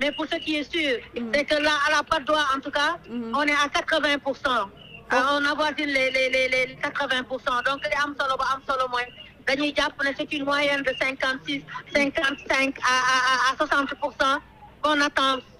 Mais pour ce qui est sûr, mmh. c'est en tout cas, mmh. on est à 80 pour cent. Ah. Euh, on avoisine les les les les 80 pour cent donc li am solo ba am solo mooy dañuy jàpp ne c'est une moyenne de 56, 55 à à à 60 pour cent qu'on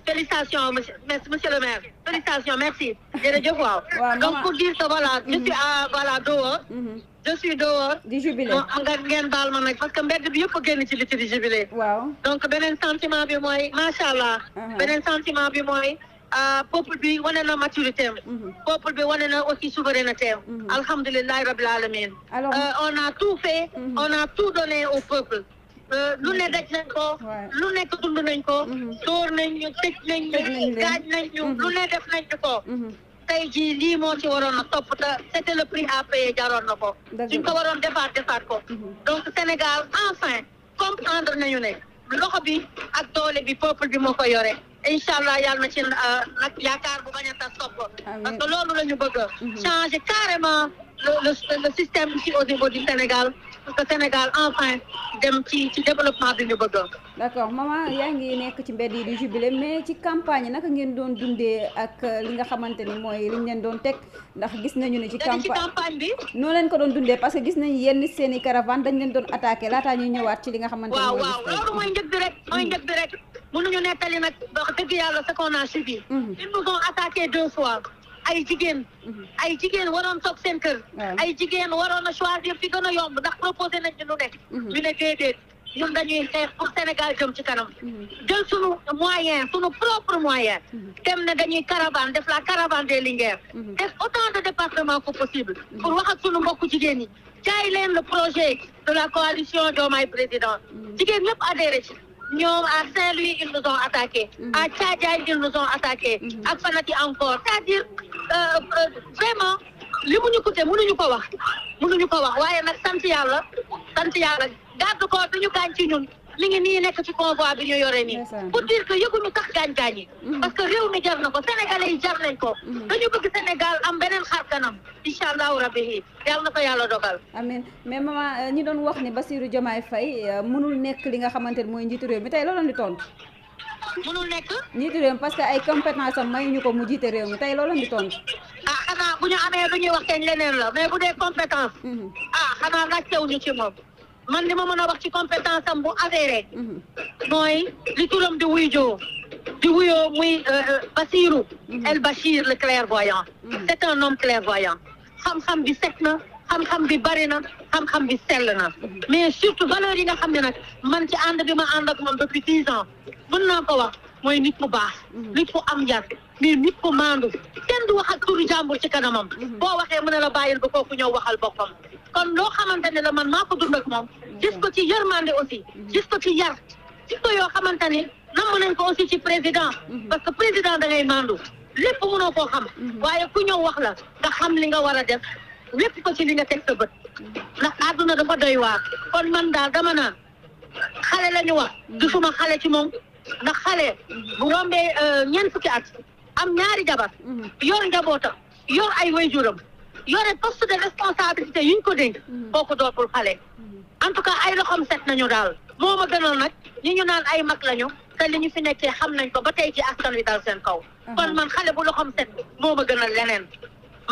félicitations monsieur monsieur le maire félicitations merci jërëjëf waaw. donc pour dire que voilà. je suis à voilà dehors. Mm-hmm. je suis dehors. di jubilé nga ngeen baal ma nag parce que mbedd bi yëpp a génn ci li ci di jubilé. waaw donc beneen sentiment bi mooy macha allah. Uh-huh. beneen sentiment bi mooy. Euh, peuple bi wane na maturité am. Mm-hmm. peuple bi wane na aussi souveraineté am. Mm-hmm. alhamdulilah rabil alamin euh, on a tout fait. on a tout donné au peuple. Euh, lu ne daj nañ ko lu nekk dund nañ ko sóor mhm. nañ ñu tëj nañ ñu gaaj mhm. lu ne def nañ ko mhm. tey jii lii moo ci waroon a topp te c'était le prix à payer jaroon na ko suñ ko waroon defaat defaat ko donc Sénégal enfin comprendre nañu ne loxo bi ak doole bi peuple bi moo ko yore incha allah yàlla na ci euh, nag yaakaar bu bañ a tas topp parce que loolu la ñu bëgg changer carrément le le système ici au niveau Sénégal pour que Sénégal enfin dem ci développement bi ñu bëgg. d' accord maman yaa ngi nekk ci mbedd yi di jubilé mais ci campagne naka ngeen doon dundee ak euh, li nga xamante ni mooy liñ leen doon teg ndax gis nañu ne. ci campagne bi noo leen ko doon dundee parce que gis nañu yenn seen i caravane dañ leen doon attaqué laataa ñuy ñëwaat ci li nga xamante ni mooy. waaw loolu mooy njëg bi rek mooy njëg bi nettali nag wax dëgg yàlla ce a subi. Mhm. ils nous ont deux fois. ay jigéen ay jigéen waroon toog seen kër ay jigéen waroon a choisir fi gën a yomb ndax proposé nañ lu nekk mhm. ñu ne déedéet ñun dañuy xeex pour Sénégal jëm ci kanam mhm. jël sunu moyen sunu propre moyen mhm. dem ne dañuy caravane def la caravane des Linguères def autant de départements que possible pour wax ak sunu mbokku jigéen yi jaay leen le projet de la coalition Diomaye président jigéen ñëpp adhéré ci ñoom à Saint-Louis ils nous ont attaqué mm-hmm. à Thiadiaye ils nous ont attaqué mm-hmm. ak fanati encore c'est-à-dire euh, euh, vraiment li mu ñu coûté mënuñu ko wax mënuñu ko wax waaye nag sant yàlla sant yàlla garde corps bi ñu gaañ ci ñun li ngi nii nekk ci convoi bi ñu yore ni pour dire que yëguñu tax gaañ-gaañ yi mm-hmm. parce que réew mi jar na ko sénégalais yi jar nañ ko dañu bëgg Sénégal am beneen xar kanam incha allahu rabbi yàlla na ko yàlla dogal. amiin mais maman euh, ñi doon wax ni Bassirou Diomaye Faye euh, mënul nekk li nga xamante ne mooy njiitu réew mi tey loolu di tontu. mënul nekk. njiitu réew mi parce que ay compétence am mayuñu ko mu jiite réew mi tey loolu di tontu. ah xanaa bu ñu amee lu ñuy wax kañ leneen la mais bu dee compétence. Mhm. ah xanaa laajtewuñu ci moom. man di ma mën a wax ci compétence am bu avéré. Mhm. mooy li turam di wuy joo. di wuyoo muy euh, Bassirou mhm. le clairvoyant. c'est un homme xam-xam bi set na xam-xam bi bari na xam-xam bi sell na mais surtout valeur yi nga xam ne nag man ci ànd bi ma ànd ak moom depuis dix ans mën naa ko wax mooy nit ku baax mm. nit ku am yar mais nit ku maandu kenn du wax ak turu jàmbur ci kanamam mm-hmm. boo waxee mu ne la bàyyil ba ku ñëw waxal boppam kon loo xamante ne la man maa ko dund ak moom mm-hmm. gis ko ci yërmande aussi mm-hmm. gis ko ci yar gis ko yoo xamante ne namm nañ ko aussi ci président parce que président da ngay maandu lépp mënoo koo xam mhm. waaye ku ñëw wax la nga xam li nga war a def lépp ko ci li nga teg sa bët ndax àdduna dafa doy waar kon man daal dama naan xale lañu ñu wax gisuma xale ci moom ndax xale bu rombee euh, ñeent fukki at am ñaari jabar mhm. yor njabootam yor ay waajuram yore poste de responsabilité yuñ ko dénk mhm. kooku ko xale en tout cas ay loxoom set nañu daal moo ma gënal nag ñi ñu naan ay mag lañu te li ñu fi nekkee xam ko ba tey ji askan wi dal seen kaw. kon man xale bu loxoom set leneen.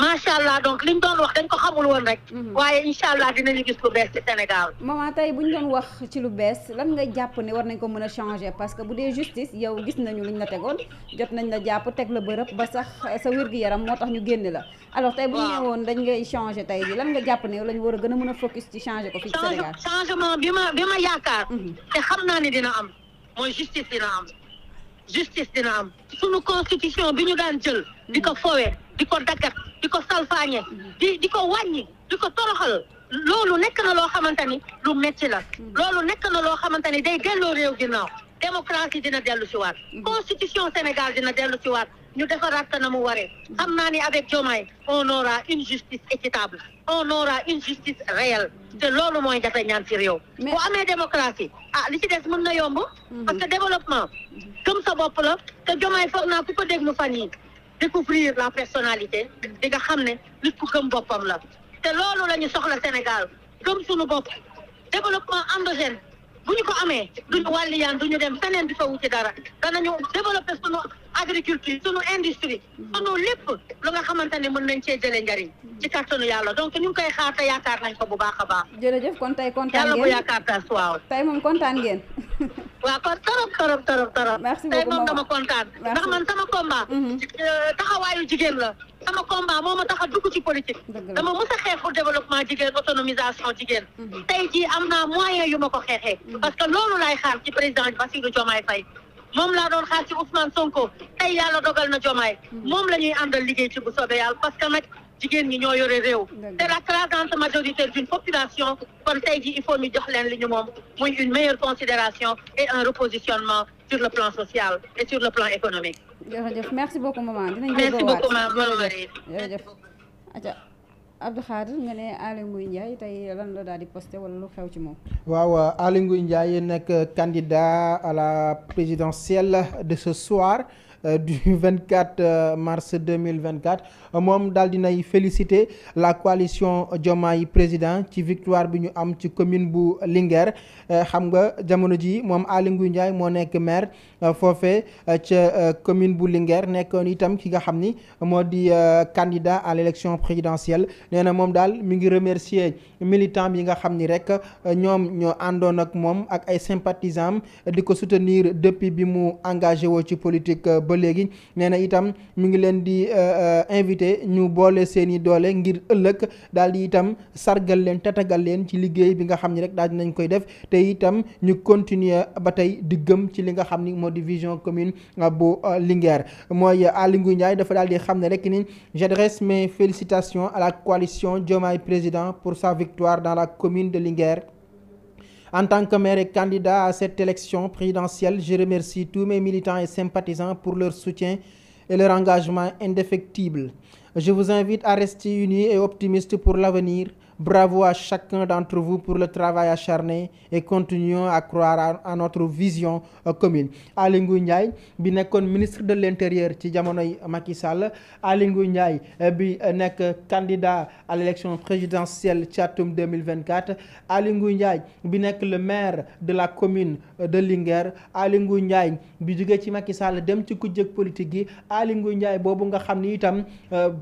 macha allah donc liñ doon wax dañ ko xamul woon rek. Mhm. waaye incha allah dinañu gis lu bees ci Sénégal. maman tey bu ñu doon wax ci lu bees lan nga jàpp ne war nañ ko mën a changer parce que bu dee justice yow gis nañu luñ la tegoon jot nañ la jàpp teg la bërëb ba sax sa wér yaram moo tax ñu génn la. alors tey bu ñu nee woon dañ ngay changer tey ji lan nga jàpp ne lañ war a gën a mën a focus ci changer ko fii ci Sénégal. changement bi ma bi ma yaakaar. Mhm. te xam naa ne dina am. mooy justice dina am justice dina am suñu constitution bi ñu daan jël di ko fowe di ko daggat di ko salfaañe di di ko wàññi di ko toroxal loolu nekk na loo xamante ni lu metti la loolu nekk na loo xamante ni day delloo réew ginnaaw démocratie dina dellu si waat constitution Sénégal dina dellu si waat ñu defaraat ko na mu waree xam naa ni avec Diomaye on aura une justice équitable on aura une justice te loolu mooy jafe ñaan ci réew bu amee démocratie ah li ci des mën na yomb mhm. parce que développement comme sa bopp la te Diomaye foog naa ku ko déglu fan yi découvrir la personnalité di nga xam ne li ku gëm boppam la te loolu la ñu soxla Sénégal comme gëm suñu bopp développement endogène bu ñu ko amee duñu wàlli yaan ñu dem feneen di fa wuti dara danañu développer suñu agriculture sunu industrie mhm. sunu lépp lu nga xamante ne mën nañ cee jëlee njariñ mhm. ci kàttanu yàlla donc ñu ngi koy xaar te yaakaar nañ ko bu baax a baax. jërëjëf kon tey kontaan ngeen yàlla bu yaakaar tas waaw. tey moom kontaan ngeen. waaw kon torop torop torop torop. merci beaucoup tey moom dama kontaan. ndax man sama combat. Mhm. Euh, taxawaayu jigéen la. sama combat moo ma tax a dugg ci politique. dama mos a xeex pour développement jigéen autonomisation jigéen. tey jii am naa moyen yu ma ko xeexee. parce que loolu laay xaar ci président Bassirou Diomaye Faye. moom laa doon xaar ci Ousmane Sonko tey yàlla dogal na Diomaye hmm. moom la ñuy àndal liggéey ci bu soobee yàlla parce que nag jigéen ñi ñoo yore réew te la très grande majorité d'une population kon tey ji il faut ñu jox leen li moom muy une meilleure considération et un repositionnement sur le plan social et sur le plan économique jërëjëf merci beaucoup maman merci beaucoup maman Marie jërëjëf Abdou Khadir nga ne Aly Ngouille Ndiaye tey lan la daal di posté wala lu xew ci moom. waaw Aly Ngouille Ndiaye nekk candidat à la présidentielle de ce soir. Euh, du 24 euh, mars 2024 moom daal dinay félicité la coalition Diomaye président ci victoire bi ñu am ci commune bu Linguère euh, xam nga jamono ji moom Aly Ngouille Ndiaye moo nekk maire foofe ca commune bu Linguère nekkoon itam ki nga xam ni moo di candidat à l'élection présidentielle nee na moom daal mi ngi remercier militant yi nga xam ni rek ñoom ñoo àndoon ak moom ak ay sympathisants di ko soutenir depuis bi mu engagé woo ci politique léegi nee na itam mu ngi leen di euh, euh, invité ñu boole seen i doole ngir ëllëg daal di itam sargal leen tatagal leen ci liggéey bi nga xam ni rek daal dinañ koy def te itam ñu continuer ba tey di gëm ci li nga xam ni moo division commune euh, bu Linguère mooy Aly Ngouille Ndiaye dafa daal di xam ne rek ni j'adresse mes félicitations à la coalition Diomaye Président pour sa victoire dans la commune de Linguère En tant que maire et candidat à cette élection présidentielle, je remercie tous mes militants et sympathisants pour leur soutien et leur engagement indéfectible. Je vous invite à rester unis et optimistes pour l'avenir. Bravo à chacun d'entre vous pour le travail acharné et continuons à croire à, à notre vision euh, commune Aly Ngouille Ndiaye bi nekkoon ministre de l'intérieur ci jamonoy Macky Sall Aly Ngouille Ndiaye euh, bi euh, nekk candidat à l'élection présidentielle ci atum 2024 Aly Ngouille Ndiaye bi nekk le maire de la commune de Linguère Aly Ngouille Ndiaye bi jógee ci Macky Sall dem ci kujjëg politique gi Aly Ngouille Ndiaye boobu nga xam ni itam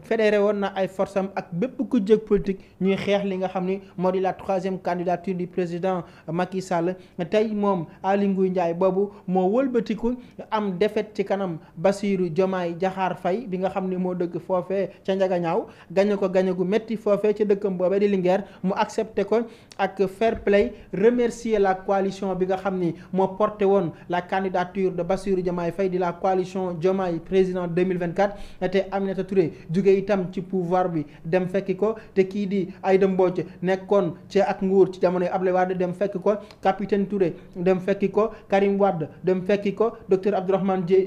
fédéré woon na ay forces ak bépp kujjëg politique ñuy xeex xeex li nga xam ni moo di la troisième candidature du président Macky Sall tey moom Aly Ngouille Ndiaye boobu moo wëlbatiku am défaite ci kanam Bassirou Diomaye Diakhar Faye bi nga xam ni moo dëkk foofee ca Njagañaaw gañe ko gañe métti foofee ca dëkkam boobee di Linguère mu accepté ko ak fair play remercier la coalition bi nga xam ni moo porte woon la candidature de Bassirou Diomaye Faye di la coalition Diomaye président 2024 te Aminata Touré jóge itam ci pouvoir bi dem fekki ko te kii di ay dem Mbodj nekkoon ci ak nguur ci jamono Abdoulaye Wade dem fekk ko capitaine Touré dem fekki ko Karim Wade dem fekki ko docteur Abdourahmane Dieye